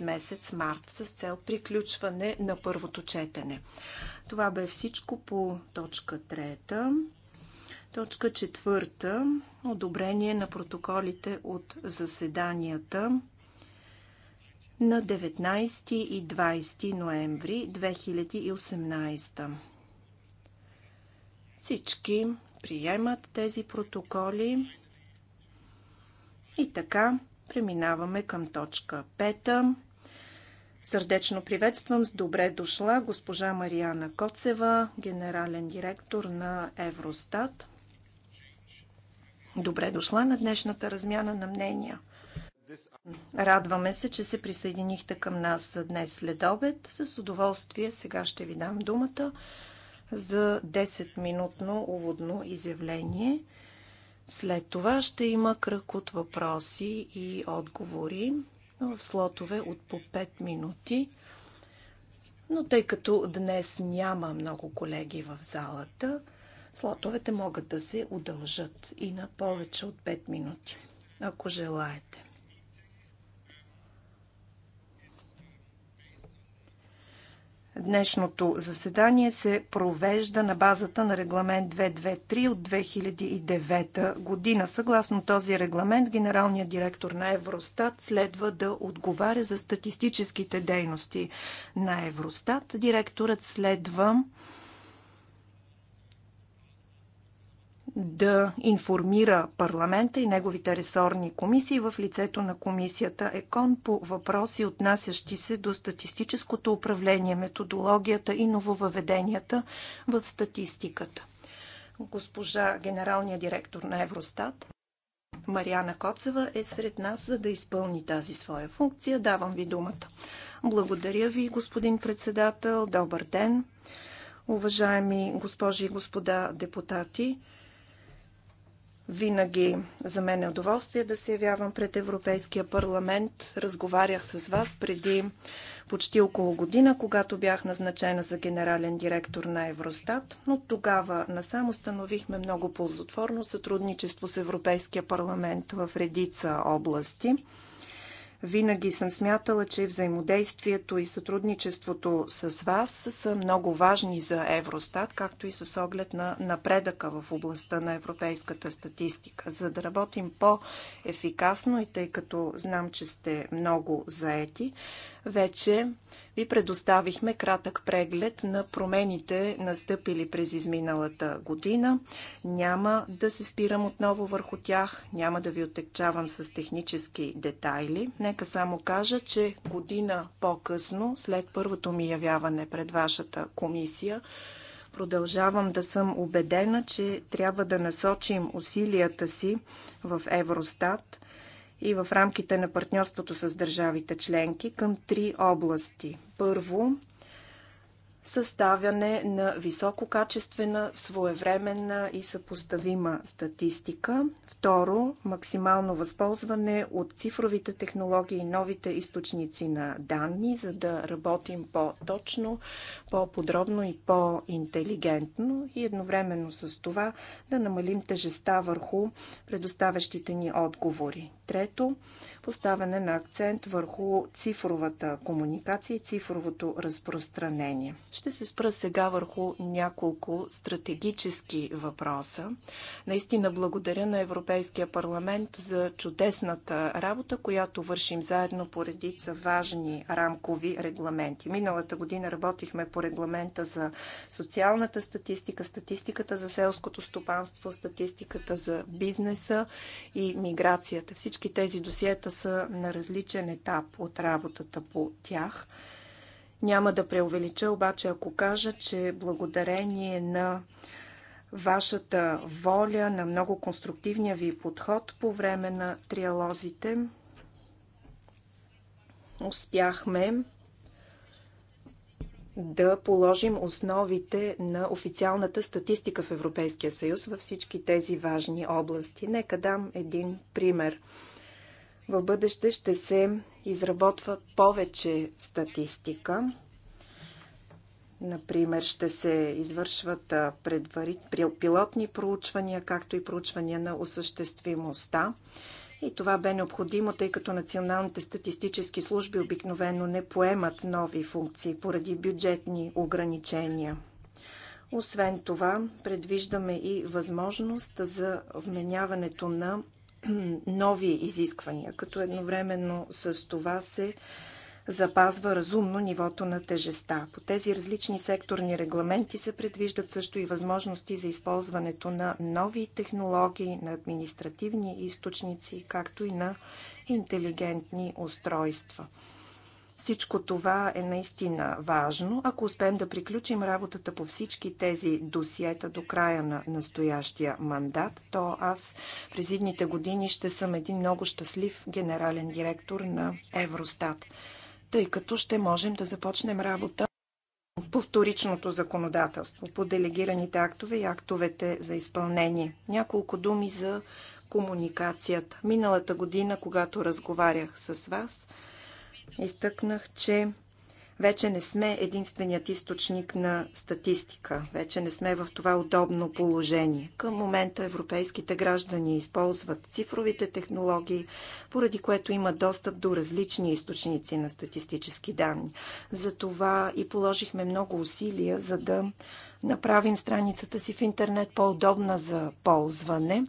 месец март с цел приключване на първото четене. Това бе всичко по точка трета. Точка четвърта – одобрение на протоколите от заседанията на 19 и 20 ноември 2018. Всички приемат тези протоколи. И така преминаваме към точка Сърдечно приветствам с добре дошла госпожа Марияна Коцева, генерален директор на Евростат. Добре дошла на днешната размяна на мнения. Радваме се, че се присъединихте към нас за днес след обед. С удоволствие сега ще ви дам думата за 10-минутно уводно изявление. След това ще има кръг от въпроси и отговори в слотове от по 5 минути. Но тъй като днес няма много колеги в залата, слотовете могат да се удължат и на повече от 5 минути, ако желаете. Днешното заседание се провежда на базата на регламент 223 от 2009 година. Съгласно този регламент, генералният директор на Евростат следва да отговаря за статистическите дейности на Евростат. Директорът следва да информира парламента и неговите ресорни комисии в лицето на комисията ЕКОН по въпроси, отнасящи се до статистическото управление, методологията и нововъведенията в статистиката. Госпожа генералния директор на Евростат Мариана Коцева е сред нас, за да изпълни тази своя функция. Давам ви думата. Благодаря ви, господин председател. Добър ден. Уважаеми госпожи и господа депутати, винаги за мен е удоволствие да се явявам пред Европейския парламент. Разговарях с вас преди почти около година, когато бях назначена за генерален директор на Евростат, но тогава насам установихме много ползотворно сътрудничество с Европейския парламент в редица области. Винаги съм смятала, че взаимодействието и сътрудничеството с вас са много важни за Евростат, както и с оглед на напредъка в областта на европейската статистика. За да работим по-ефикасно и тъй като знам, че сте много заети, вече ви предоставихме кратък преглед на промените, настъпили през изминалата година. Няма да се спирам отново върху тях, няма да ви отекчавам с технически детайли. Нека само кажа, че година по-късно, след първото ми явяване пред вашата комисия, продължавам да съм убедена, че трябва да насочим усилията си в Евростат – и в рамките на партньорството с държавите членки към три области. Първо, съставяне на висококачествена, своевременна и съпоставима статистика. Второ, максимално възползване от цифровите технологии и новите източници на данни, за да работим по-точно, по-подробно и по-интелигентно и едновременно с това да намалим тежеста върху предоставящите ни отговори. Трето, поставяне на акцент върху цифровата комуникация и цифровото разпространение. Ще се спра сега върху няколко стратегически въпроса. Наистина благодаря на Европейския парламент за чудесната работа, която вършим заедно по редица важни рамкови регламенти. Миналата година работихме по регламента за социалната статистика, статистиката за селското стопанство, статистиката за бизнеса и миграцията. Всички тези досиета са на различен етап от работата по тях – няма да преувелича, обаче ако кажа, че благодарение на вашата воля, на много конструктивния ви подход по време на триалозите, успяхме да положим основите на официалната статистика в Европейския съюз във всички тези важни области. Нека дам един пример. В бъдеще ще се изработва повече статистика. Например, ще се извършват предварит, пилотни проучвания, както и проучвания на осъществимостта. И това бе необходимо, тъй като националните статистически служби обикновено не поемат нови функции поради бюджетни ограничения. Освен това, предвиждаме и възможност за вменяването на нови изисквания, като едновременно с това се запазва разумно нивото на тежеста. По тези различни секторни регламенти се предвиждат също и възможности за използването на нови технологии, на административни източници, както и на интелигентни устройства. Всичко това е наистина важно. Ако успеем да приключим работата по всички тези досиета до края на настоящия мандат, то аз през идните години ще съм един много щастлив генерален директор на Евростат, тъй като ще можем да започнем работа по вторичното законодателство, по делегираните актове и актовете за изпълнение. Няколко думи за комуникацията. Миналата година, когато разговарях с вас, изтъкнах, че вече не сме единственият източник на статистика. Вече не сме в това удобно положение. Към момента европейските граждани използват цифровите технологии, поради което има достъп до различни източници на статистически данни. Затова и положихме много усилия, за да направим страницата си в интернет по-удобна за ползване.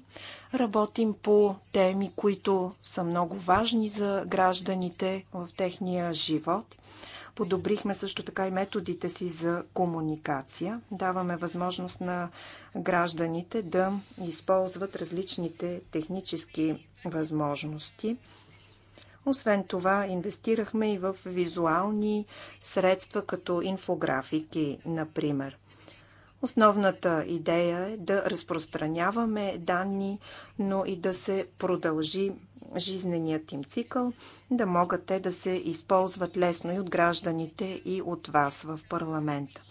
Работим по теми, които са много важни за гражданите в техния живот. Подобрихме също така и методите си за комуникация. Даваме възможност на гражданите да използват различните технически възможности. Освен това, инвестирахме и в визуални средства, като инфографики, например. Основната идея е да разпространяваме данни, но и да се продължи жизненият им цикъл, да могат те да се използват лесно и от гражданите и от вас в парламента.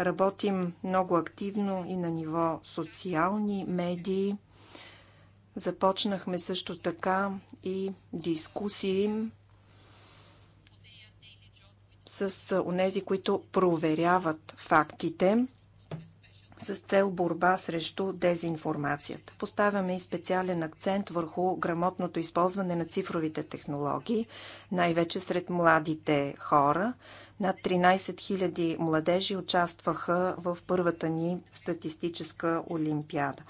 Работим много активно и на ниво социални медии. Започнахме също така и дискусии с онези, които проверяват фактите с цел борба срещу дезинформацията. Поставяме и специален акцент върху грамотното използване на цифровите технологии, най-вече сред младите хора. Над 13 000 младежи участваха в първата ни статистическа олимпиада.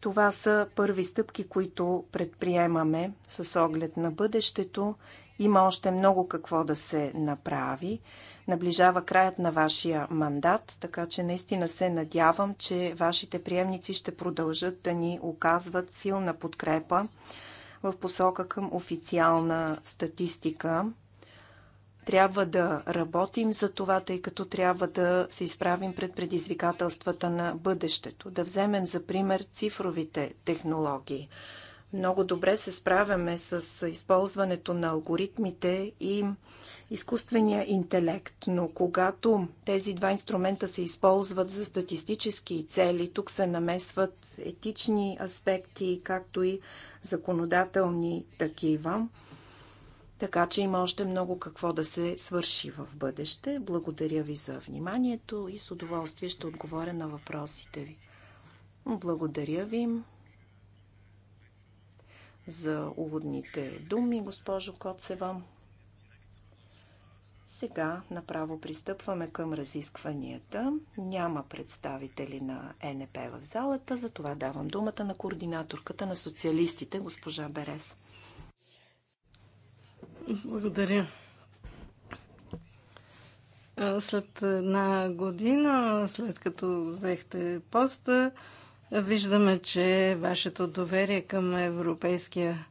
Това са първи стъпки, които предприемаме с оглед на бъдещето. Има още много какво да се направи. Наближава краят на вашия мандат, така че наистина се надявам, че вашите приемници ще продължат да ни оказват силна подкрепа в посока към официална статистика. Трябва да работим за това, тъй като трябва да се изправим пред предизвикателствата на бъдещето, да вземем за пример цифровите технологии. Много добре се справяме с използването на алгоритмите и изкуствения интелект, но когато тези два инструмента се използват за статистически цели, тук се намесват етични аспекти, както и законодателни такива. Така че има още много какво да се свърши в бъдеще. Благодаря ви за вниманието и с удоволствие ще отговоря на въпросите ви. Благодаря ви за уводните думи, госпожо Коцева. Сега направо пристъпваме към разискванията. Няма представители на НП в залата, затова давам думата на координаторката на социалистите, госпожа Берес. Благодаря. След една година, след като взехте поста, Виждаме, че вашето доверие към Европейския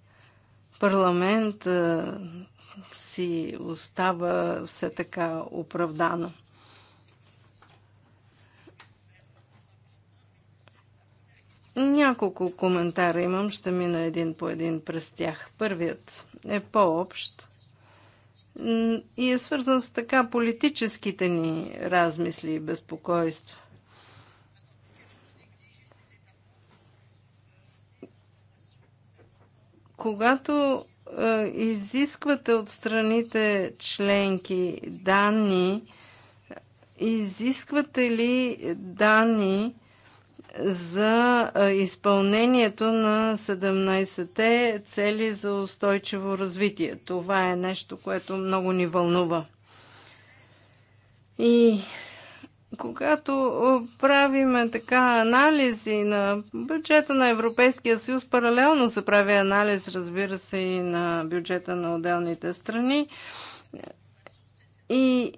парламент си остава все така оправдано. Няколко коментара имам, ще мина един по един през тях. Първият е по-общ и е свързан с така политическите ни размисли и безпокойства. Когато е, изисквате от страните членки данни, изисквате ли данни за е, изпълнението на 17-те цели за устойчиво развитие? Това е нещо, което много ни вълнува. И когато правиме така анализи на бюджета на Европейския съюз, паралелно се прави анализ, разбира се, и на бюджета на отделните страни. И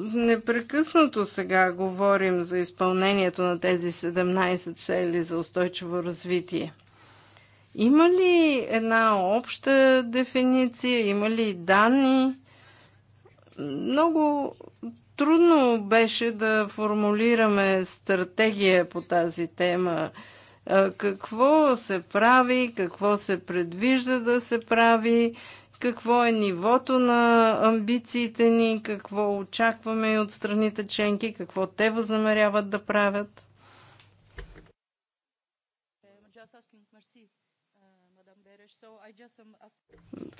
непрекъснато сега говорим за изпълнението на тези 17 цели за устойчиво развитие. Има ли една обща дефиниция? Има ли данни? Много Трудно беше да формулираме стратегия по тази тема. Какво се прави, какво се предвижда да се прави, какво е нивото на амбициите ни, какво очакваме от страните членки, какво те възнамеряват да правят.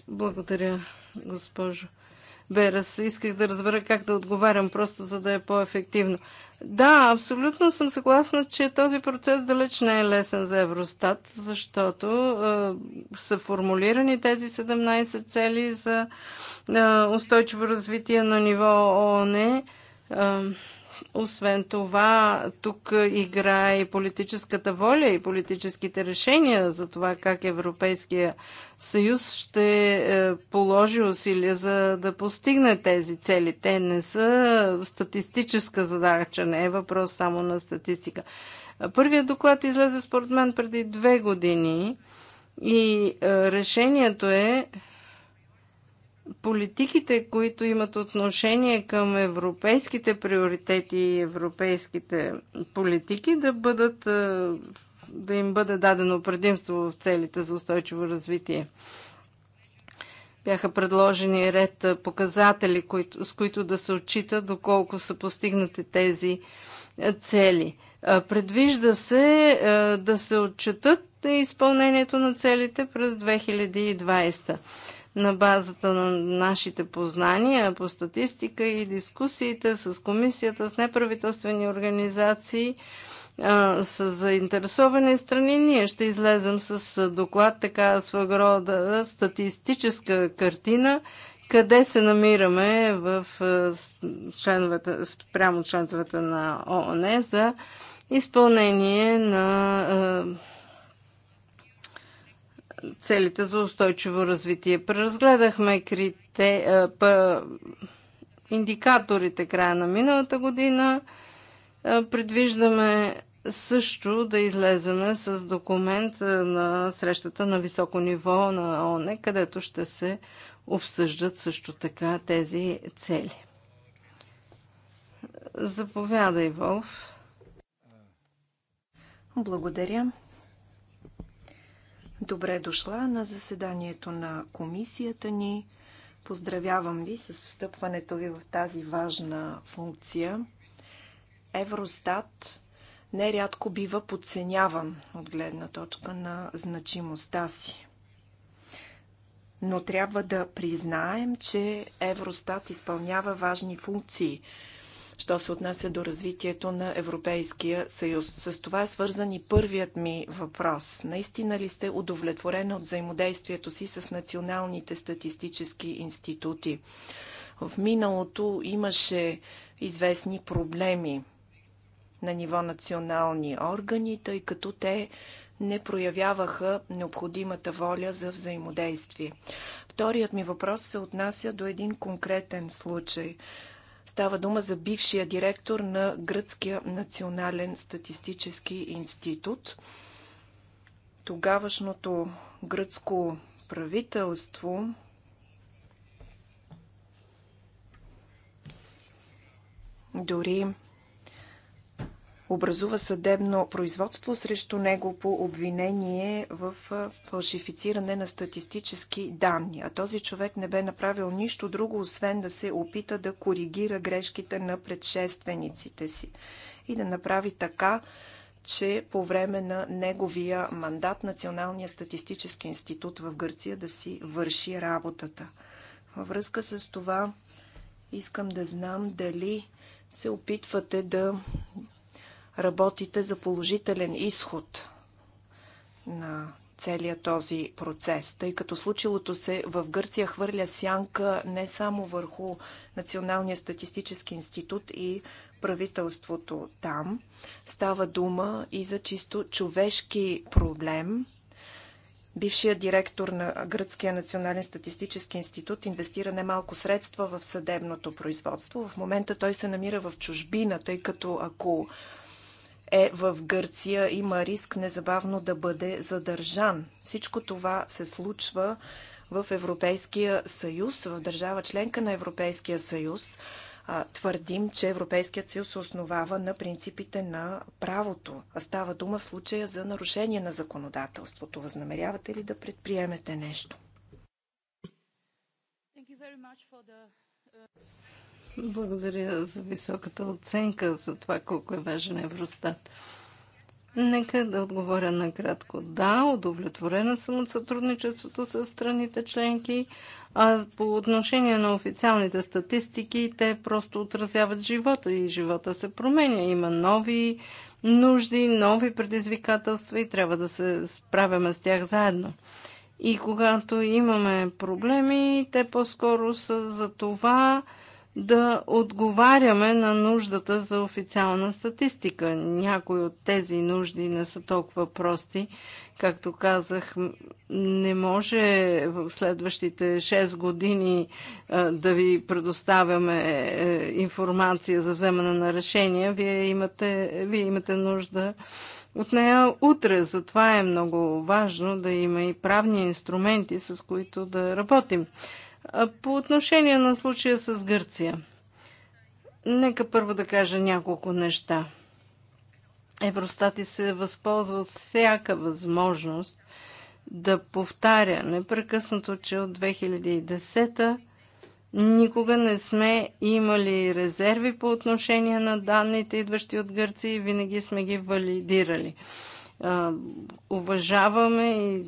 Благодаря, госпожо бе, раз, исках да разбера как да отговарям, просто за да е по-ефективно. Да, абсолютно съм съгласна, че този процес далеч не е лесен за Евростат, защото е, са формулирани тези 17 цели за е, устойчиво развитие на ниво ООН. Е, освен това, тук играе и политическата воля и политическите решения за това как Европейския съюз ще е, положи усилия за да постигне тези цели. Те не са статистическа задача, не е въпрос само на статистика. Първият доклад излезе според мен преди две години и е, решението е политиките, които имат отношение към европейските приоритети и европейските политики, да бъдат да им бъде дадено предимство в целите за устойчиво развитие. Бяха предложени ред показатели, с които да се отчита доколко са постигнати тези цели. Предвижда се да се отчетат изпълнението на целите през 2020 на базата на нашите познания по статистика и дискусиите с комисията, с неправителствени организации, с заинтересовани страни, ние ще излезем с доклад, така своего рода статистическа картина, къде се намираме в членовете, прямо членовете на ООН за изпълнение на целите за устойчиво развитие. Преразгледахме крите, е, па, индикаторите края на миналата година. Е, предвиждаме също да излеземе с документ е, на срещата на високо ниво на ОНЕ, където ще се обсъждат също така тези цели. Заповядай, Волф. Благодаря. Добре дошла на заседанието на комисията ни. Поздравявам ви с встъпването ви в тази важна функция. Евростат нерядко бива подценяван от гледна точка на значимостта си. Но трябва да признаем, че Евростат изпълнява важни функции – що се отнася до развитието на Европейския съюз. С това е свързан и първият ми въпрос. Наистина ли сте удовлетворена от взаимодействието си с националните статистически институти? В миналото имаше известни проблеми на ниво национални органи, тъй като те не проявяваха необходимата воля за взаимодействие. Вторият ми въпрос се отнася до един конкретен случай. Става дума за бившия директор на Гръцкия национален статистически институт. Тогавашното гръцко правителство дори образува съдебно производство срещу него по обвинение в фалшифициране на статистически данни. А този човек не бе направил нищо друго, освен да се опита да коригира грешките на предшествениците си и да направи така, че по време на неговия мандат Националния статистически институт в Гърция да си върши работата. Във връзка с това искам да знам дали се опитвате да работите за положителен изход на целия този процес, тъй като случилото се в Гърция хвърля сянка не само върху Националния статистически институт и правителството там. Става дума и за чисто човешки проблем. Бившият директор на Гръцкия национален статистически институт инвестира немалко средства в съдебното производство. В момента той се намира в чужбина, тъй като ако е в Гърция, има риск незабавно да бъде задържан. Всичко това се случва в Европейския съюз, в държава членка на Европейския съюз. Твърдим, че Европейският съюз се основава на принципите на правото, а става дума в случая за нарушение на законодателството. Възнамерявате ли да предприемете нещо? Uh, благодаря за високата оценка за това колко е важен Евростат. Нека да отговоря накратко. Да, удовлетворена съм от сътрудничеството с страните членки, а по отношение на официалните статистики, те просто отразяват живота и живота се променя. Има нови нужди, нови предизвикателства и трябва да се справяме с тях заедно. И когато имаме проблеми, те по-скоро са за това, да отговаряме на нуждата за официална статистика. Някои от тези нужди не са толкова прости. Както казах, не може в следващите 6 години да ви предоставяме е, информация за вземане на решения. Вие имате, вие имате нужда от нея утре. Затова е много важно да има и правни инструменти, с които да работим. По отношение на случая с Гърция, нека първо да кажа няколко неща. Евростати се възползва от всяка възможност да повтаря непрекъснато, че от 2010 никога не сме имали резерви по отношение на данните, идващи от Гърция и винаги сме ги валидирали уважаваме и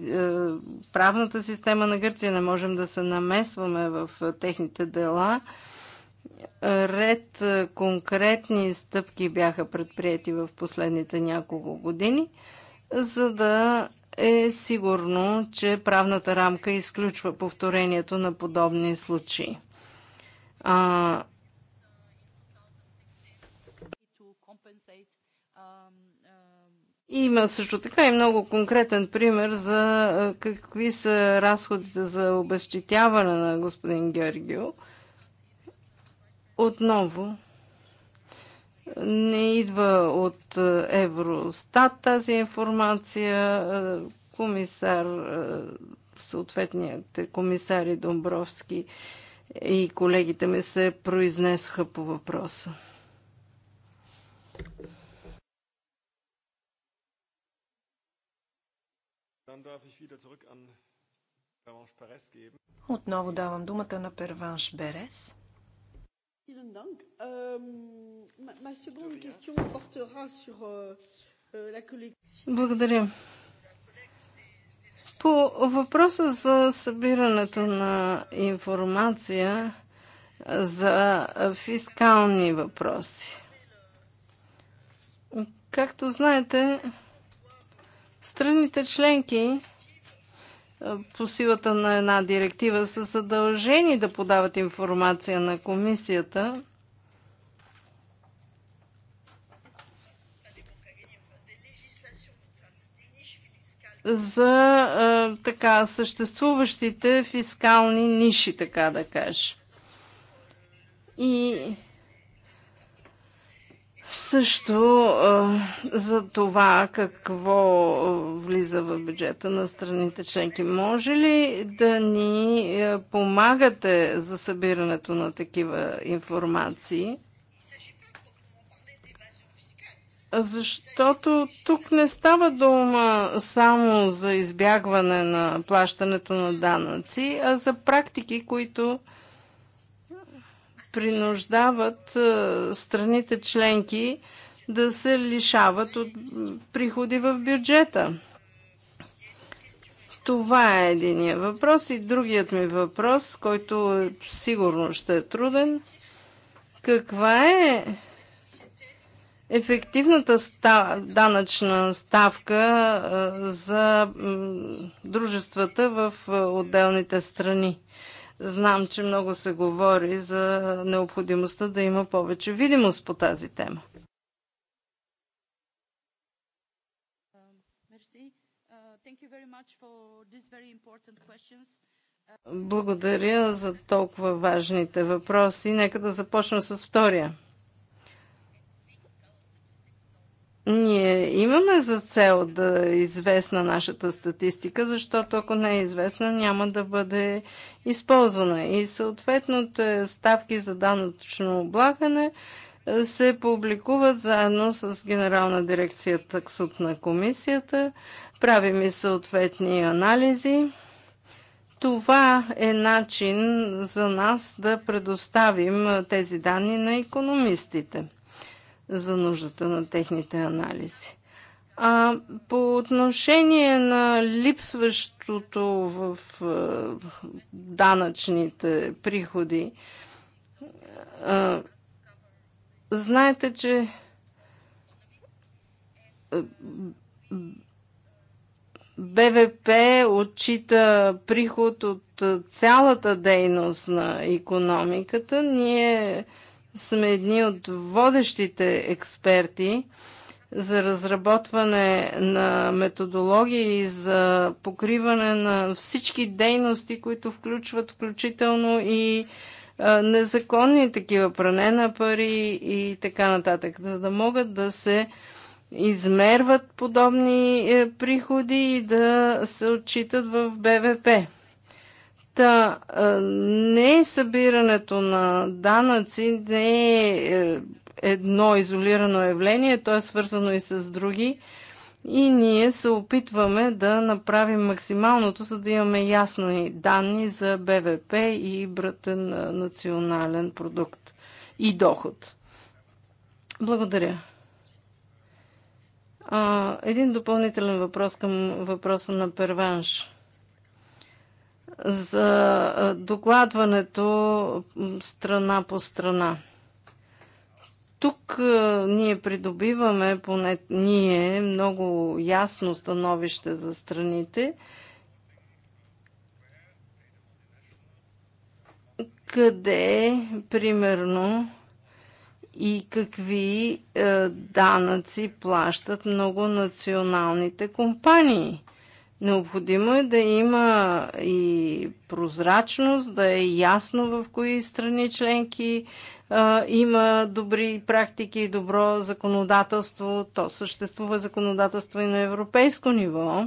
правната система на Гърция, не можем да се намесваме в техните дела. Ред конкретни стъпки бяха предприяти в последните няколко години, за да е сигурно, че правната рамка изключва повторението на подобни случаи. А, Има също така и много конкретен пример за какви са разходите за обещетяване на господин Георгио. Отново, не идва от Евростат тази информация. Комисар, съответният комисари Домбровски и колегите ми се произнесоха по въпроса. Отново давам думата на Перванш Берес. Euh, euh, euh, Благодаря. По въпроса за събирането на информация за фискални въпроси. Както знаете, Страните членки по силата на една директива са задължени да подават информация на комисията. за а, така съществуващите фискални ниши, така да кажа. И също за това какво влиза в бюджета на страните членки. Може ли да ни помагате за събирането на такива информации? Защото тук не става дума само за избягване на плащането на данъци, а за практики, които принуждават страните членки да се лишават от приходи в бюджета. Това е единия въпрос. И другият ми въпрос, който сигурно ще е труден. Каква е ефективната став... данъчна ставка за дружествата в отделните страни? Знам, че много се говори за необходимостта да има повече видимост по тази тема. Благодаря за толкова важните въпроси. Нека да започна с втория. Ние имаме за цел да е известна нашата статистика, защото ако не е известна, няма да бъде използвана. И съответно ставки за данъчно облагане се публикуват заедно с Генерална дирекция таксут на комисията. Правим и съответни анализи. Това е начин за нас да предоставим тези данни на економистите за нуждата на техните анализи. А по отношение на липсващото в данъчните приходи, знаете, че БВП отчита приход от цялата дейност на економиката. Ние сме едни от водещите експерти за разработване на методологии и за покриване на всички дейности, които включват включително и незаконни такива пране на пари и така нататък, за да могат да се измерват подобни е, приходи и да се отчитат в БВП. Та, не е събирането на данъци не е, е едно изолирано явление, то е свързано и с други. И ние се опитваме да направим максималното, за да имаме ясни данни за БВП и братен национален продукт и доход. Благодаря. А, един допълнителен въпрос към въпроса на Перванш за докладването страна по страна. Тук ние придобиваме, поне ние, много ясно становище за страните, къде, примерно, и какви данъци плащат много националните компании. Необходимо е да има и прозрачност, да е ясно в кои страни членки а, има добри практики и добро законодателство. То съществува законодателство и на европейско ниво.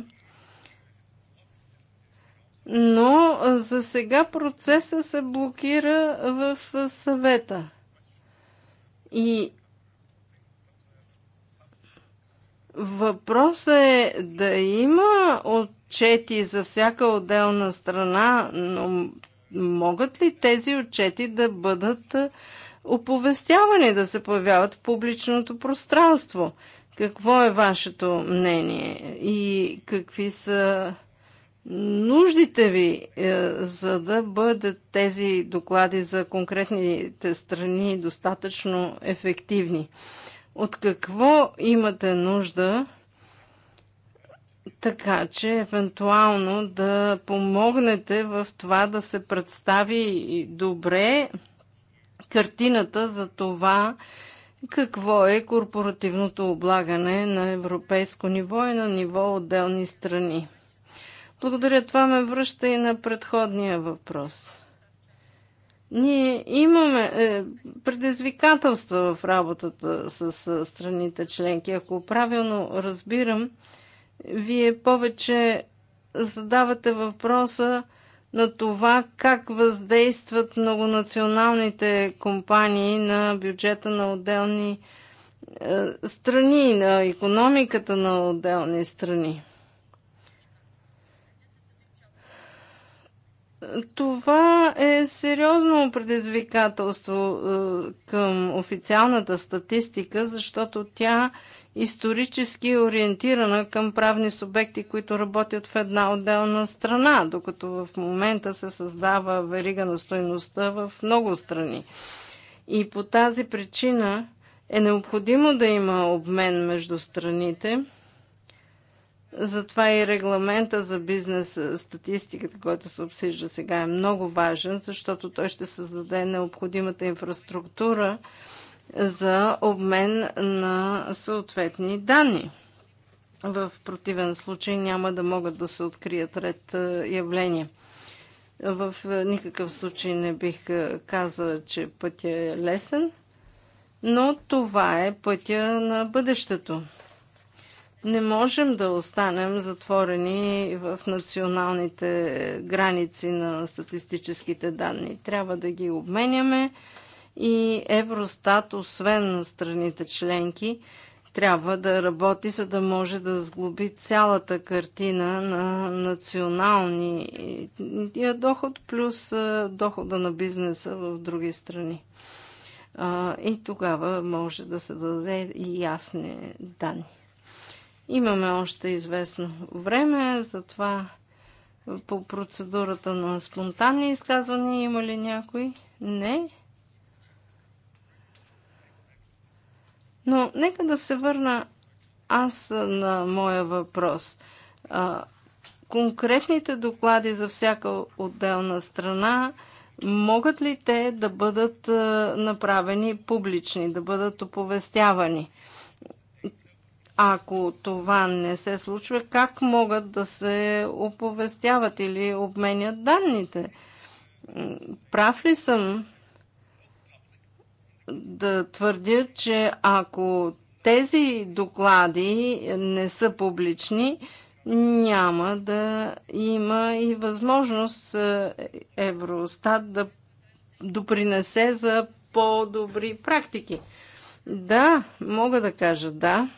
Но за сега процеса се блокира в съвета. И Въпросът е да има отчети за всяка отделна страна, но могат ли тези отчети да бъдат оповестявани, да се появяват в публичното пространство? Какво е вашето мнение и какви са нуждите ви, е, за да бъдат тези доклади за конкретните страни достатъчно ефективни? от какво имате нужда, така че евентуално да помогнете в това да се представи добре картината за това какво е корпоративното облагане на европейско ниво и на ниво отделни страни. Благодаря, това ме връща и на предходния въпрос. Ние имаме е, предизвикателства в работата с, с е, страните членки. Ако правилно разбирам, вие повече задавате въпроса на това как въздействат многонационалните компании на бюджета на отделни е, страни, на економиката на отделни страни. Това е сериозно предизвикателство е, към официалната статистика, защото тя исторически е ориентирана към правни субекти, които работят в една отделна страна, докато в момента се създава верига на стойността в много страни. И по тази причина е необходимо да има обмен между страните – затова и регламента за бизнес статистиката, който се обсъжда сега, е много важен, защото той ще създаде необходимата инфраструктура за обмен на съответни данни. В противен случай няма да могат да се открият ред явления. В никакъв случай не бих казала, че пътя е лесен, но това е пътя на бъдещето. Не можем да останем затворени в националните граници на статистическите данни. Трябва да ги обменяме и Евростат, освен на страните членки, трябва да работи, за да може да сглоби цялата картина на националния доход плюс дохода на бизнеса в други страни. И тогава може да се даде и ясни данни. Имаме още известно време, затова по процедурата на спонтанни изказвания има ли някой? Не. Но нека да се върна аз на моя въпрос. Конкретните доклади за всяка отделна страна, могат ли те да бъдат направени публични, да бъдат оповестявани? Ако това не се случва, как могат да се оповестяват или обменят данните? Прав ли съм да твърдя, че ако тези доклади не са публични, няма да има и възможност е, Евростат да допринесе за по-добри практики. Да, мога да кажа да.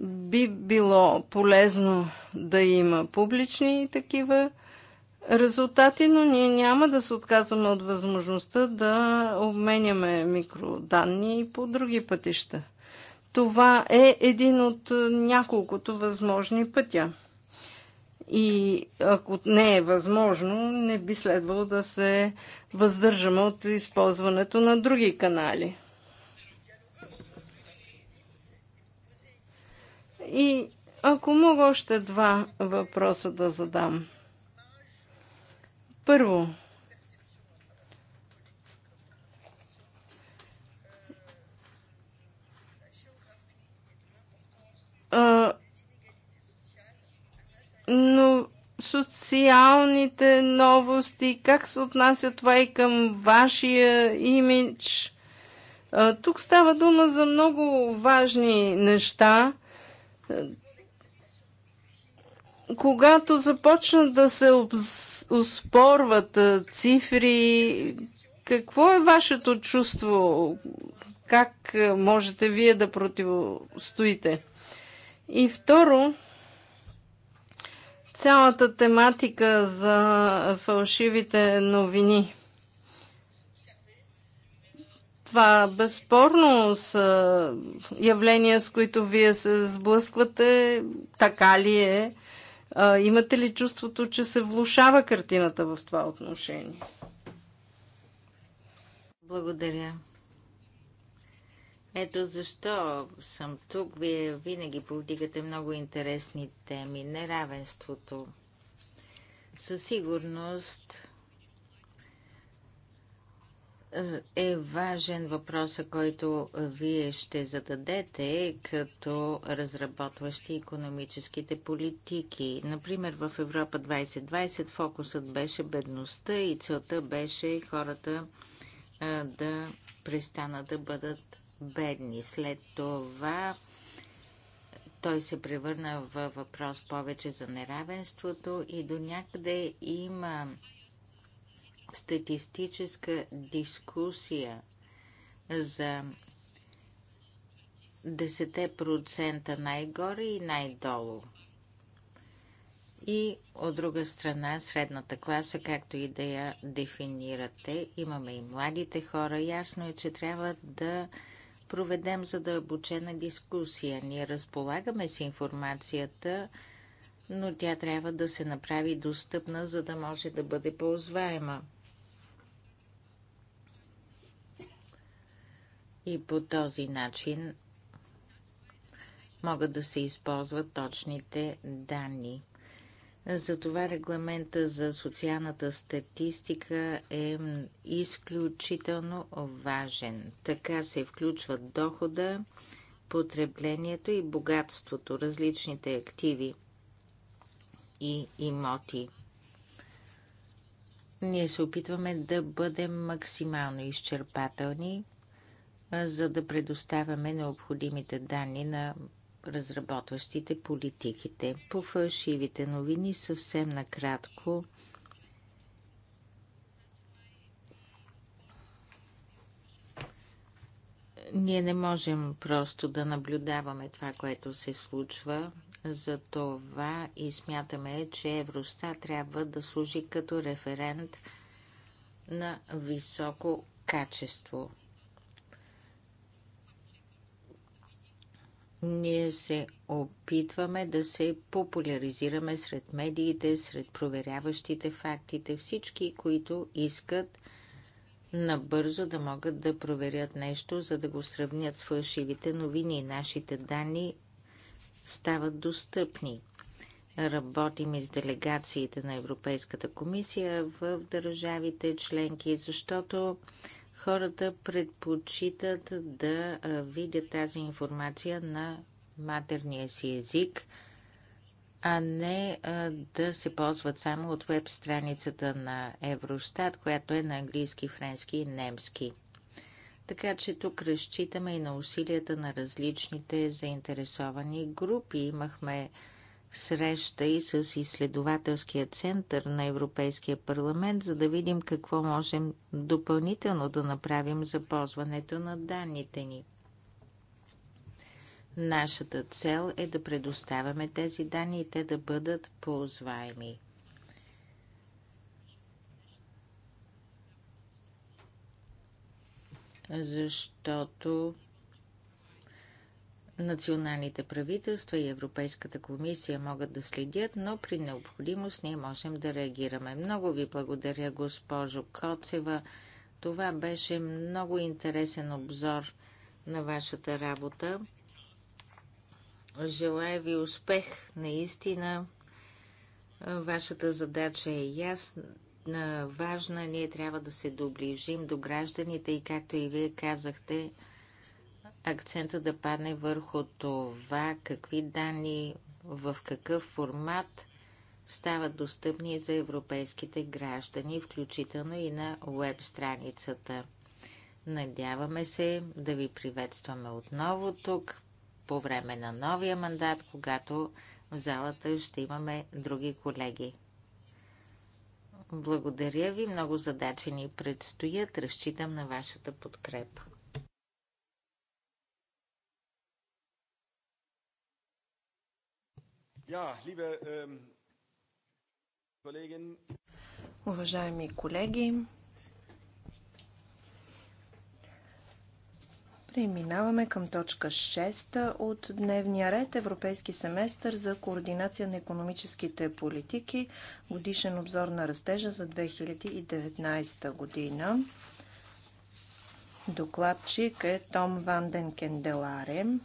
Би било полезно да има публични такива резултати, но ние няма да се отказваме от възможността да обменяме микроданни и по други пътища. Това е един от няколкото възможни пътя. И ако не е възможно, не би следвало да се въздържаме от използването на други канали. И ако мога още два въпроса да задам. Първо, но социалните новости, как се отнася това и към вашия имидж? тук става дума за много важни неща – когато започнат да се успорват цифри, какво е вашето чувство? Как можете вие да противостоите? И второ, цялата тематика за фалшивите новини. Това безспорно са явления, с които вие се сблъсквате. Така ли е? А, имате ли чувството, че се влушава картината в това отношение? Благодаря. Ето защо съм тук. Вие винаги повдигате много интересни теми. Неравенството. Със сигурност е важен въпросът, който вие ще зададете като разработващи економическите политики. Например, в Европа 2020 фокусът беше бедността и целта беше хората да престанат да бъдат бедни. След това той се превърна в въпрос повече за неравенството и до някъде има статистическа дискусия за 10% най-горе и най-долу. И от друга страна, средната класа, както и да я дефинирате, имаме и младите хора. Ясно е, че трябва да проведем задълбочена да дискусия. Ние разполагаме с информацията, но тя трябва да се направи достъпна, за да може да бъде ползваема. и по този начин могат да се използват точните данни. Затова регламента за социалната статистика е изключително важен. Така се включват дохода, потреблението и богатството, различните активи и имоти. Ние се опитваме да бъдем максимално изчерпателни – за да предоставяме необходимите данни на разработващите политиките. По фалшивите новини съвсем накратко. Ние не можем просто да наблюдаваме това, което се случва. За това и смятаме, че Евроста трябва да служи като референт на високо качество Ние се опитваме да се популяризираме сред медиите, сред проверяващите фактите, всички, които искат набързо да могат да проверят нещо, за да го сравнят с фалшивите новини. Нашите данни стават достъпни. Работим и с делегациите на Европейската комисия в държавите членки, защото хората предпочитат да видят тази информация на матерния си език, а не да се ползват само от веб страницата на Евростат, която е на английски, френски и немски. Така че тук разчитаме и на усилията на различните заинтересовани групи. Имахме среща и с изследователския център на Европейския парламент, за да видим какво можем допълнително да направим за ползването на данните ни. Нашата цел е да предоставяме тези данни и те да бъдат ползваеми. Защото националните правителства и Европейската комисия могат да следят, но при необходимост ние можем да реагираме. Много ви благодаря, госпожо Коцева. Това беше много интересен обзор на вашата работа. Желая ви успех, наистина. Вашата задача е ясна, важна. Ние трябва да се доближим до гражданите и, както и вие казахте, акцента да падне върху това какви данни в какъв формат стават достъпни за европейските граждани, включително и на веб страницата. Надяваме се да ви приветстваме отново тук по време на новия мандат, когато в залата ще имаме други колеги. Благодаря ви, много задачи ни предстоят. Разчитам на вашата подкрепа. Ja, liebe ähm, Kollegin. Уважаеми колеги, преминаваме към точка 6 от дневния ред Европейски семестър за координация на економическите политики, годишен обзор на растежа за 2019 година. Докладчик е Том Ванден Кенделаре. Кенделаре.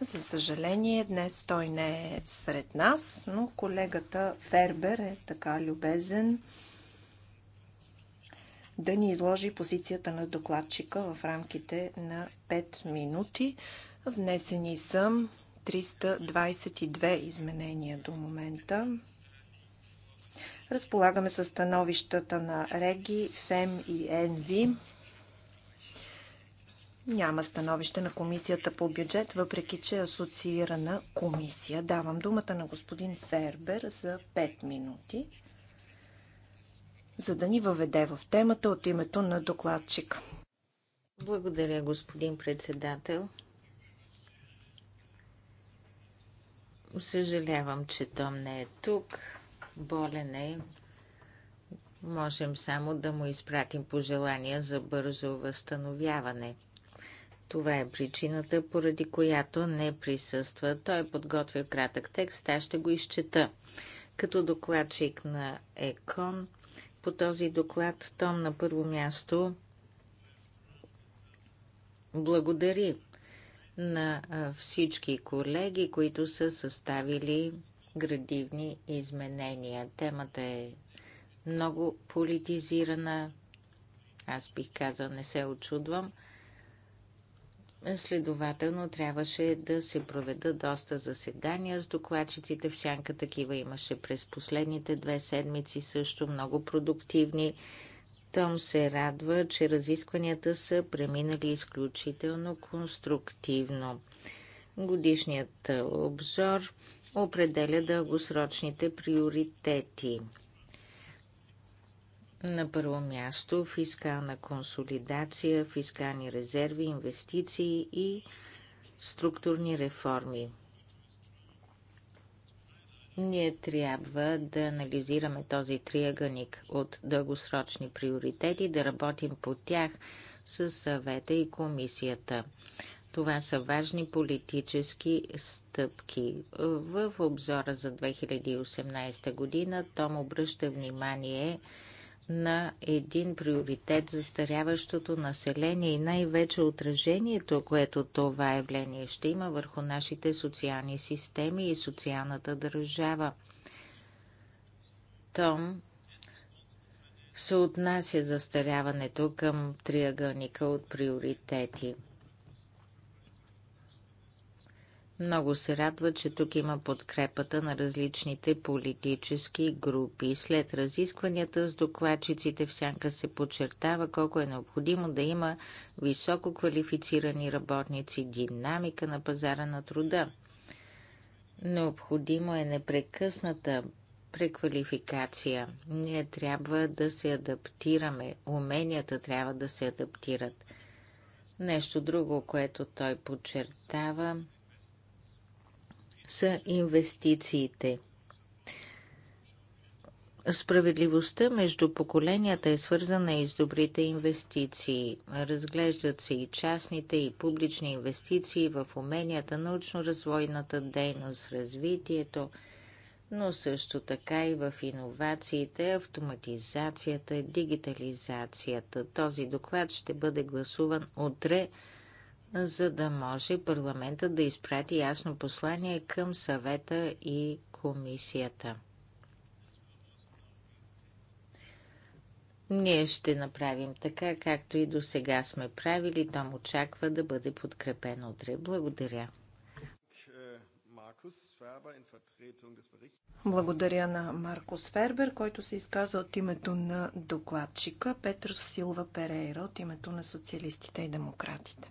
За съжаление, днес той не е сред нас, но колегата Фербер е така любезен да ни изложи позицията на докладчика в рамките на 5 минути. Внесени са 322 изменения до момента. Разполагаме с становищата на Реги, ФЕМ и ЕНВИ. Няма становище на комисията по бюджет, въпреки че е асоциирана комисия. Давам думата на господин Фербер за 5 минути, за да ни въведе в темата от името на докладчик. Благодаря, господин председател. Съжалявам, че Том не е тук. Болен е. Можем само да му изпратим пожелания за бързо възстановяване. Това е причината, поради която не присъства. Той е подготвил кратък текст, аз ще го изчета. Като докладчик на ЕКОН, по този доклад Том на първо място благодари на всички колеги, които са съставили градивни изменения. Темата е много политизирана. Аз бих казал, не се очудвам. Следователно трябваше да се проведат доста заседания с докладчиците. В сянка такива имаше през последните две седмици също много продуктивни. Том се радва, че разискванията са преминали изключително конструктивно. Годишният обзор определя дългосрочните приоритети – на първо място фискална консолидация, фискални резерви, инвестиции и структурни реформи. Ние трябва да анализираме този триъгълник от дългосрочни приоритети, да работим по тях с съвета и комисията. Това са важни политически стъпки. В обзора за 2018 година Том обръща внимание на на един приоритет за старяващото население и най-вече отражението, което това явление ще има върху нашите социални системи и социалната държава. Том се отнася застаряването към триъгълника от приоритети – много се радва, че тук има подкрепата на различните политически групи. След разискванията с докладчиците в сянка се подчертава колко е необходимо да има високо квалифицирани работници, динамика на пазара на труда. Необходимо е непрекъсната преквалификация. Ние трябва да се адаптираме, уменията трябва да се адаптират. Нещо друго, което той подчертава са инвестициите. Справедливостта между поколенията е свързана и с добрите инвестиции. Разглеждат се и частните, и публични инвестиции в уменията, научно-развойната дейност, развитието, но също така и в иновациите, автоматизацията, дигитализацията. Този доклад ще бъде гласуван утре за да може парламентът да изпрати ясно послание към съвета и комисията. Ние ще направим така, както и до сега сме правили. Там очаква да бъде подкрепен утре. Благодаря. Благодаря на Маркус Фербер, който се изказа от името на докладчика Петър Силва Перейра от името на социалистите и демократите.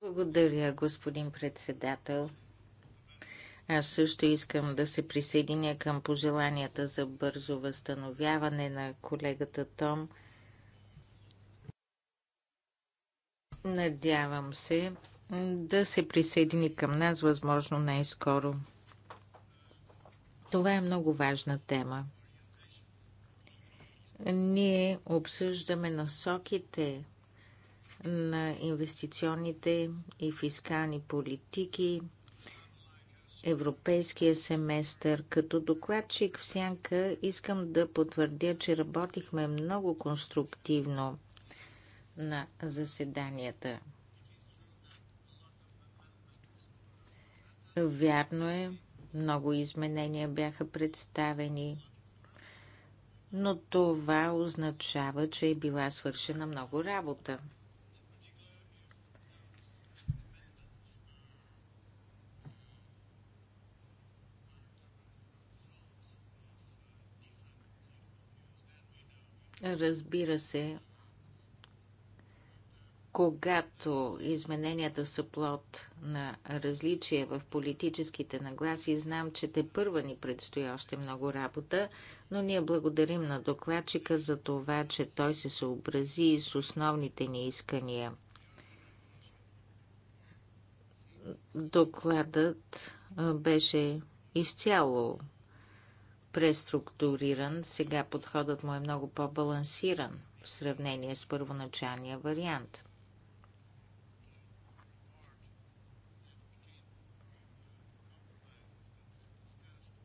Благодаря, господин председател. Аз също искам да се присъединя към пожеланията за бързо възстановяване на колегата Том. Надявам се да се присъедини към нас възможно най-скоро. Това е много важна тема. Ние обсъждаме насоките на инвестиционните и фискални политики, европейския семестър. Като докладчик в Сянка искам да потвърдя, че работихме много конструктивно на заседанията. Вярно е, много изменения бяха представени, но това означава, че е била свършена много работа. Разбира се, когато измененията са плод на различия в политическите нагласи, знам, че те първа ни предстои още много работа, но ние благодарим на докладчика за това, че той се съобрази с основните ни искания. Докладът беше изцяло преструктуриран, сега подходът му е много по-балансиран в сравнение с първоначалния вариант.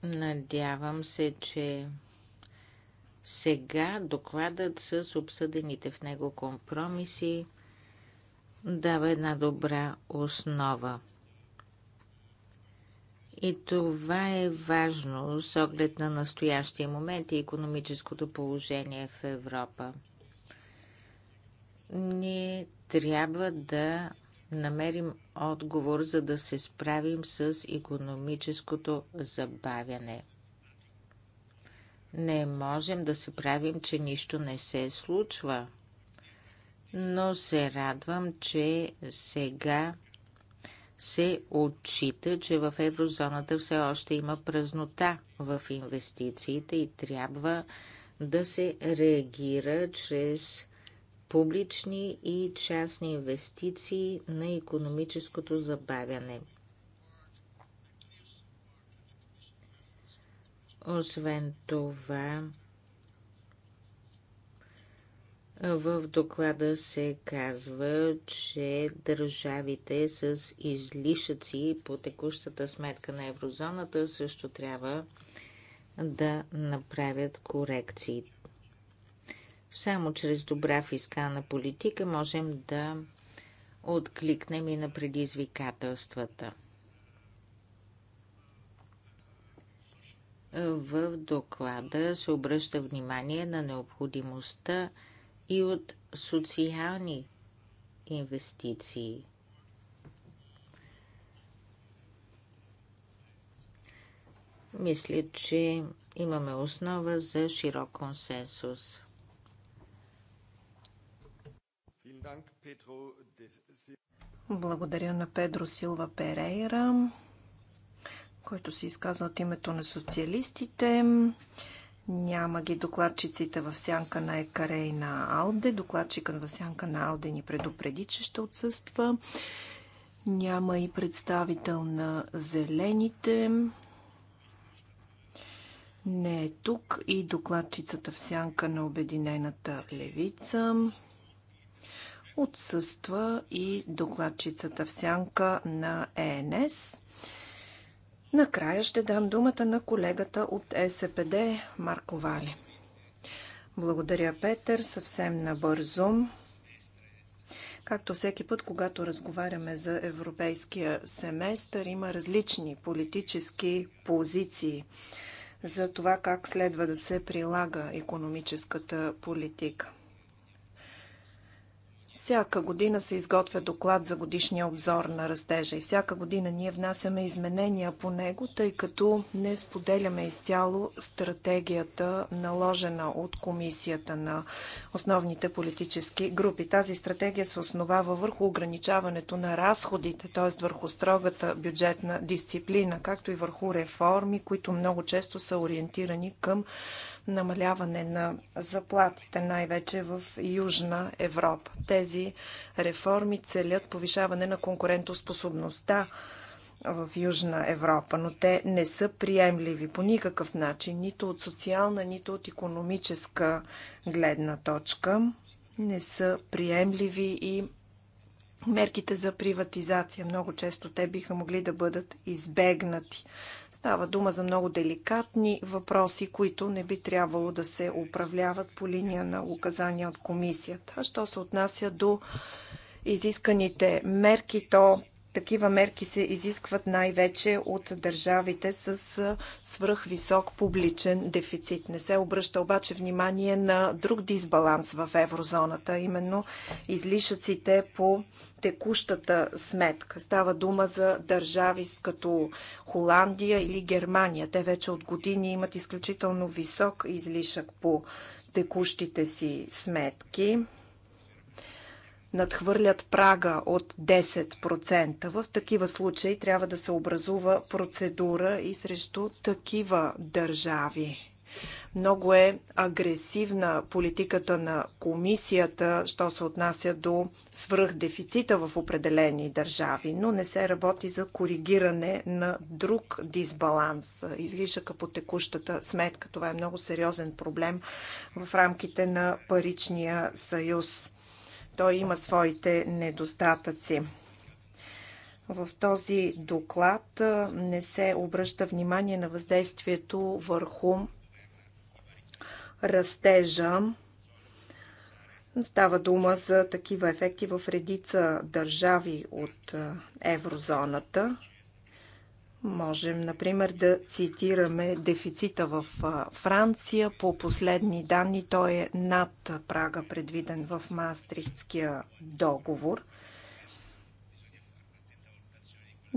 Надявам се, че сега докладът с обсъдените в него компромиси дава една добра основа. И това е важно с оглед на настоящия момент и економическото положение в Европа. Ние трябва да намерим отговор, за да се справим с економическото забавяне. Не можем да се правим, че нищо не се случва. Но се радвам, че сега се отчита, че в еврозоната все още има празнота в инвестициите и трябва да се реагира чрез публични и частни инвестиции на економическото забавяне. Освен това, в доклада се казва, че държавите с излишъци по текущата сметка на еврозоната също трябва да направят корекции. Само чрез добра фискална политика можем да откликнем и на предизвикателствата. В доклада се обръща внимание на необходимостта и от социални инвестиции. Мисля, че имаме основа за широк консенсус. Благодаря на Педро Силва Перейра, който се изказва от името на социалистите. Няма ги докладчиците в сянка на Екаре и на Алде. Докладчикът в сянка на Алде ни предупреди, че ще отсъства. Няма и представител на зелените. Не е тук и докладчицата в сянка на Обединената левица. Отсъства и докладчицата в сянка на ЕНС. Накрая ще дам думата на колегата от СПД Марко Вали. Благодаря, Петър. Съвсем набързо. Както всеки път, когато разговаряме за европейския семестър, има различни политически позиции за това как следва да се прилага економическата политика. Всяка година се изготвя доклад за годишния обзор на растежа и всяка година ние внасяме изменения по него, тъй като не споделяме изцяло стратегията, наложена от комисията на основните политически групи. Тази стратегия се основава върху ограничаването на разходите, т.е. върху строгата бюджетна дисциплина, както и върху реформи, които много често са ориентирани към намаляване на заплатите, най-вече в Южна Европа. Тези реформи целят повишаване на конкурентоспособността в Южна Европа, но те не са приемливи по никакъв начин, нито от социална, нито от економическа гледна точка. Не са приемливи и мерките за приватизация. Много често те биха могли да бъдат избегнати. Става дума за много деликатни въпроси, които не би трябвало да се управляват по линия на указания от комисията. А що се отнася до изисканите мерки, то такива мерки се изискват най-вече от държавите с свръхвисок публичен дефицит. Не се обръща обаче внимание на друг дисбаланс в еврозоната, именно излишъците по текущата сметка. Става дума за държави като Холандия или Германия. Те вече от години имат изключително висок излишък по текущите си сметки надхвърлят прага от 10%. В такива случаи трябва да се образува процедура и срещу такива държави. Много е агресивна политиката на комисията, що се отнася до свръхдефицита в определени държави, но не се работи за коригиране на друг дисбаланс. Излишъка по текущата сметка. Това е много сериозен проблем в рамките на паричния съюз. Той има своите недостатъци. В този доклад не се обръща внимание на въздействието върху растежа. Става дума за такива ефекти в редица държави от еврозоната. Можем, например, да цитираме дефицита в Франция. По последни данни той е над прага, предвиден в Маастрихтския договор.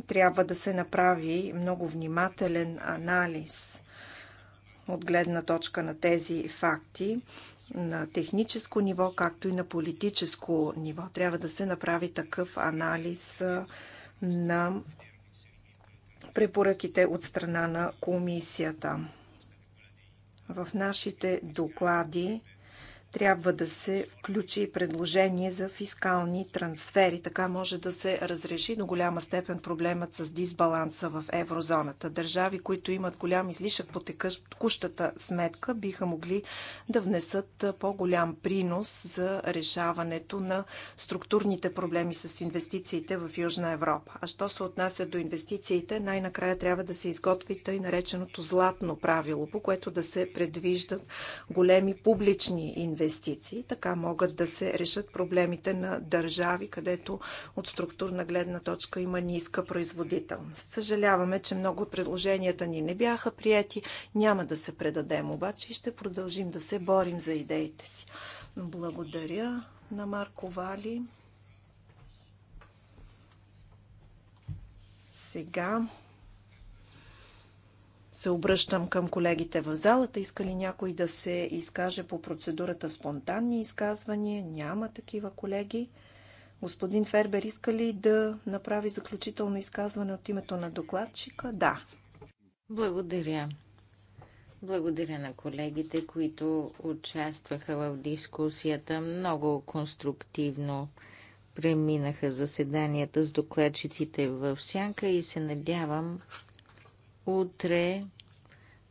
Трябва да се направи много внимателен анализ от гледна точка на тези факти на техническо ниво, както и на политическо ниво. Трябва да се направи такъв анализ на препоръките от страна на комисията. В нашите доклади трябва да се включи и предложение за фискални трансфери. Така може да се разреши до голяма степен проблемът с дисбаланса в еврозоната. Държави, които имат голям излишък по текущата сметка, биха могли да внесат по-голям принос за решаването на структурните проблеми с инвестициите в Южна Европа. А що се отнася до инвестициите, най-накрая трябва да се изготви тъй нареченото златно правило, по което да се предвиждат големи публични инвестиции инвестиции. Така могат да се решат проблемите на държави, където от структурна гледна точка има ниска производителност. Съжаляваме, че много от предложенията ни не бяха прияти. Няма да се предадем обаче и ще продължим да се борим за идеите си. Благодаря на Марко Вали. Сега се обръщам към колегите в залата. Иска ли някой да се изкаже по процедурата спонтанни изказвания? Няма такива колеги. Господин Фербер, иска ли да направи заключително изказване от името на докладчика? Да. Благодаря. Благодаря на колегите, които участваха в дискусията много конструктивно преминаха заседанията с докладчиците в сянка и се надявам утре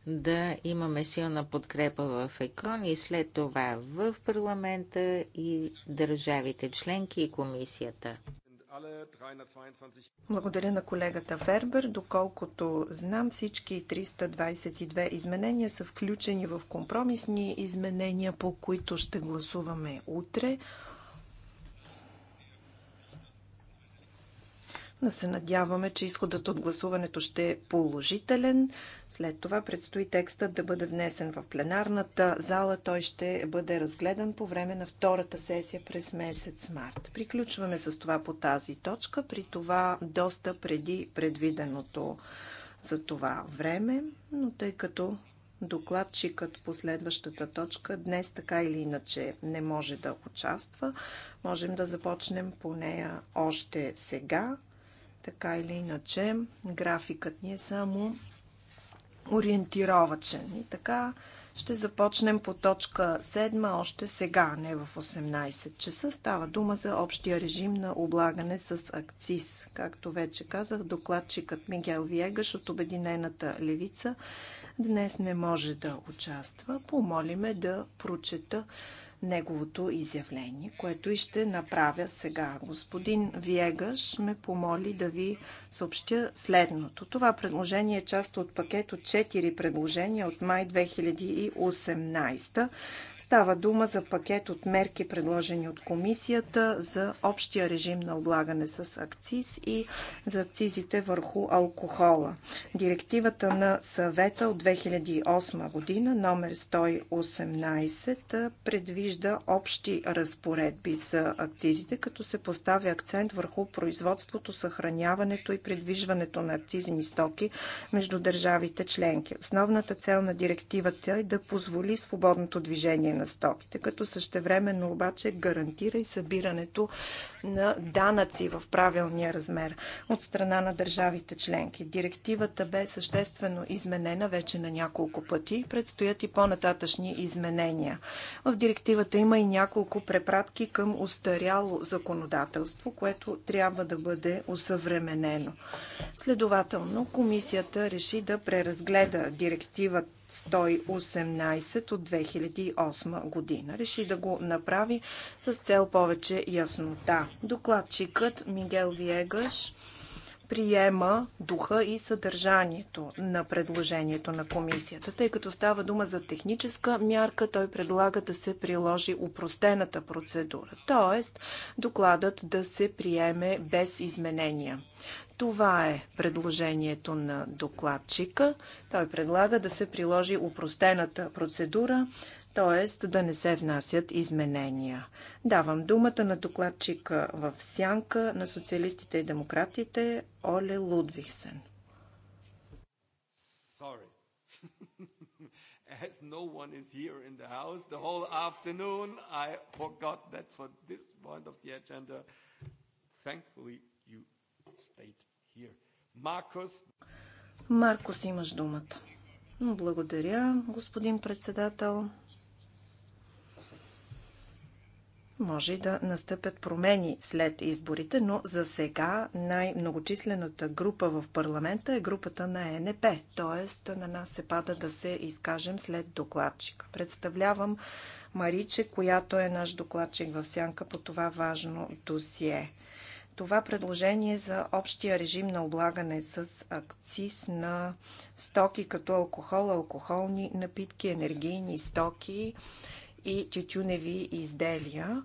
да имаме силна подкрепа в ЕКОН и след това в парламента и държавите членки и комисията. Благодаря на колегата Фербер. Доколкото знам, всички 322 изменения са включени в компромисни изменения, по които ще гласуваме утре. Да се надяваме, че изходът от гласуването ще е положителен. След това предстои текстът да бъде внесен в пленарната зала. Той ще бъде разгледан по време на втората сесия през месец март. Приключваме с това по тази точка, при това доста преди предвиденото за това време, но тъй като докладчикът по следващата точка днес така или иначе не може да участва. Можем да започнем по нея още сега. Така или иначе, графикът ни е само ориентировачен. И така ще започнем по точка 7 още сега, не в 18 часа. Става дума за общия режим на облагане с акциз. Както вече казах, докладчикът Мигел Виегаш от Обединената левица днес не може да участва. Помолиме да прочета неговото изявление, което и ще направя сега. Господин Виегаш ме помоли да ви съобщя следното. Това предложение е част от пакет от 4 предложения от май 2018 Става дума за пакет от мерки, предложени от комисията за общия режим на облагане с акциз и за акцизите върху алкохола. Директивата на съвета от 2008 година, номер 118, предвижда общи разпоредби за акцизите, като се поставя акцент върху производството, съхраняването и предвижването на акцизни стоки между държавите членки. Основната цел на директивата е да позволи свободното движение на стоките, като същевременно обаче гарантира и събирането на данъци в правилния размер от страна на държавите членки. Директивата бе съществено изменена вече на няколко пъти. Предстоят и по-нататъчни изменения. В директивата има и няколко препратки към устаряло законодателство, което трябва да бъде усъвременено. Следователно, комисията реши да преразгледа директивата 118 от 2008 година. Реши да го направи с цел повече яснота. Докладчикът Мигел Виегаш приема духа и съдържанието на предложението на комисията. Тъй като става дума за техническа мярка, той предлага да се приложи упростената процедура, т.е. докладът да се приеме без изменения. Това е предложението на докладчика. Той предлага да се приложи упростената процедура, т.е. да не се внасят изменения. Давам думата на докладчика в сянка на социалистите и демократите Оле Лудвихсен. As no one is here in the house the whole afternoon, I forgot that for this point of the agenda, thankfully you stayed Маркос, имаш думата. Благодаря, господин председател. Може и да настъпят промени след изборите, но за сега най-многочислената група в парламента е групата на ЕНП, т.е. на нас се пада да се изкажем след докладчика. Представлявам Мариче, която е наш докладчик в сянка по това важно досие това предложение за общия режим на облагане с акциз на стоки като алкохол, алкохолни напитки, енергийни стоки и тютюневи изделия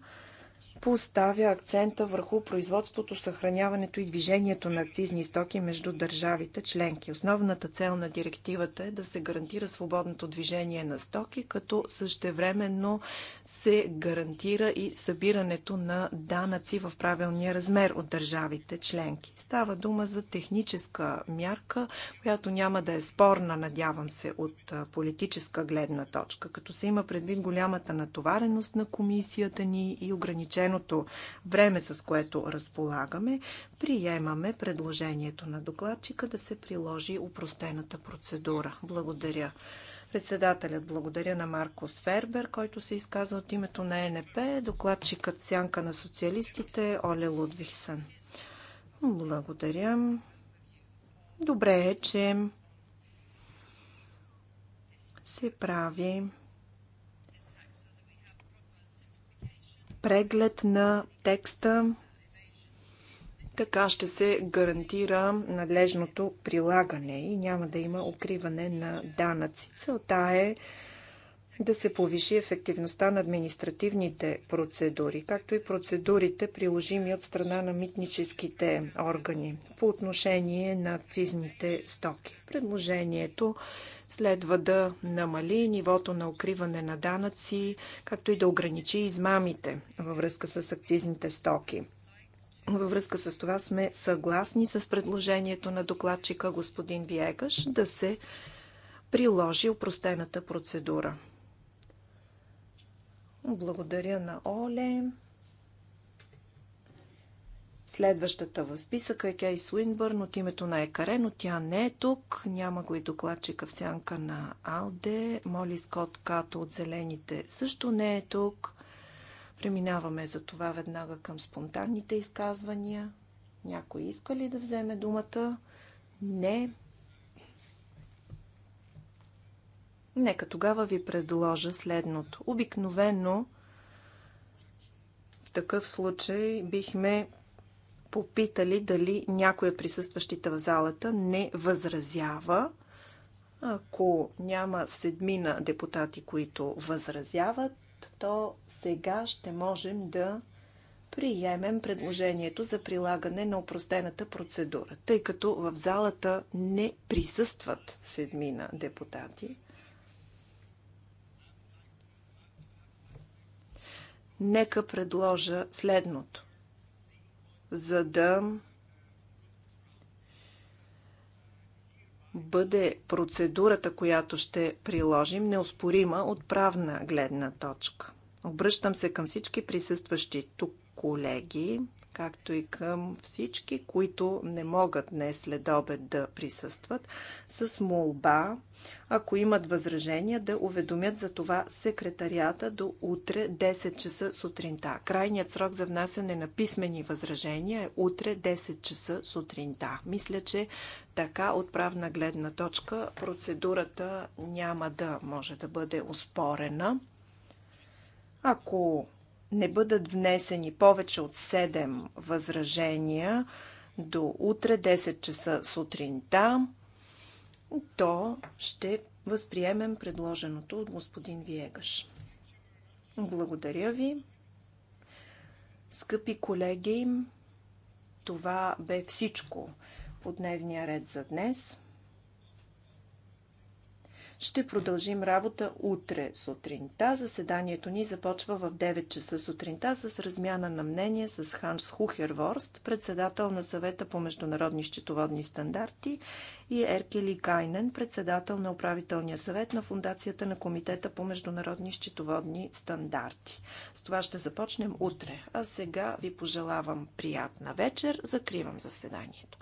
поставя акцента върху производството, съхраняването и движението на акцизни стоки между държавите членки. Основната цел на директивата е да се гарантира свободното движение на стоки, като същевременно се гарантира и събирането на данъци в правилния размер от държавите членки. Става дума за техническа мярка, която няма да е спорна, надявам се, от политическа гледна точка, като се има предвид голямата натовареност на комисията ни и ограничено ограниченото време, с което разполагаме, приемаме предложението на докладчика да се приложи упростената процедура. Благодаря. Председателят благодаря на Маркос Фербер, който се изказа от името на ЕНП, докладчикът Сянка на социалистите Оле Лудвихсън. Благодаря. Добре е, че се прави преглед на текста. Така ще се гарантира надлежното прилагане и няма да има укриване на данъци. Целта е да се повиши ефективността на административните процедури, както и процедурите, приложими от страна на митническите органи по отношение на акцизните стоки. Предложението следва да намали нивото на укриване на данъци, както и да ограничи измамите във връзка с акцизните стоки. Във връзка с това сме съгласни с предложението на докладчика господин Виегаш да се приложи упростената процедура. Благодаря на Оле. Следващата в списъка е Кей Суинбърн от името на Екаре, но тя не е тук. Няма го и докладчика в сянка на Алде. Моли Скот Като от Зелените също не е тук. Преминаваме за това веднага към спонтанните изказвания. Някой иска ли да вземе думата? Не. Нека тогава ви предложа следното. Обикновено в такъв случай бихме попитали дали някой от присъстващите в залата не възразява. Ако няма седмина депутати, които възразяват, то сега ще можем да приемем предложението за прилагане на упростената процедура, тъй като в залата не присъстват седмина депутати. Нека предложа следното. За да бъде процедурата, която ще приложим, неоспорима от правна гледна точка. Обръщам се към всички присъстващи тук колеги както и към всички, които не могат днес след обед да присъстват, с молба, ако имат възражения, да уведомят за това секретарията до утре 10 часа сутринта. Крайният срок за внасяне на писмени възражения е утре 10 часа сутринта. Мисля, че така от правна гледна точка процедурата няма да може да бъде оспорена. Ако не бъдат внесени повече от 7 възражения до утре 10 часа сутринта, то ще възприемем предложеното от господин Виегаш. Благодаря ви. Скъпи колеги, това бе всичко по дневния ред за днес. Ще продължим работа утре сутринта. Заседанието ни започва в 9 часа сутринта с размяна на мнение с Ханс Хухерворст, председател на съвета по международни счетоводни стандарти и Еркели Кайнен, председател на управителния съвет на Фундацията на Комитета по международни счетоводни стандарти. С това ще започнем утре. А сега ви пожелавам приятна вечер. Закривам заседанието.